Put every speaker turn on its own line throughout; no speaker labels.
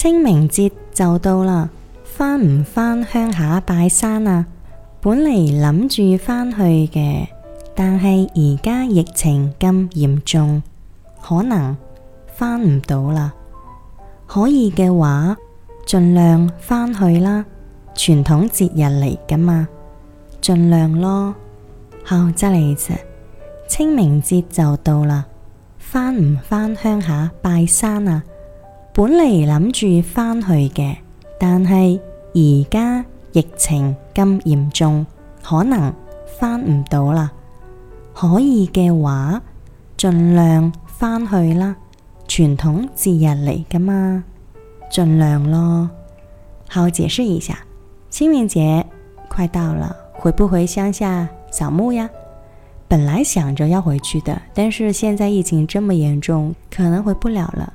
清明節就到啦，返唔返鄉下拜山啊？本嚟諗住返去嘅，但係而家疫情咁嚴重，可能返唔到啦。可以嘅話，盡量返去啦。傳統節日嚟噶嘛，盡量咯。好，再嚟一次。清明節就到啦，返唔返鄉下拜山啊？本嚟諗住翻去嘅，但係而家疫情咁嚴重，可能翻唔到啦。可以嘅話，盡量翻去啦。傳統節日嚟噶嘛，盡量咯。好，解釋一下，清明節快到了，回不回鄉下掃墓呀？本來想着要回去的，但是現在疫情這麼嚴重，可能回不了了。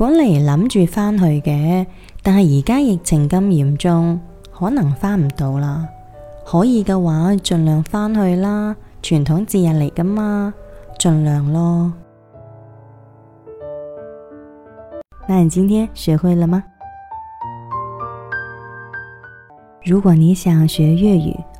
本嚟諗住返去嘅，但係而家疫情咁嚴重，可能返唔到啦。可以嘅話，盡量返去啦。傳統節日嚟噶嘛，盡量咯。那你今天學會了嗎？如果你想學粵語。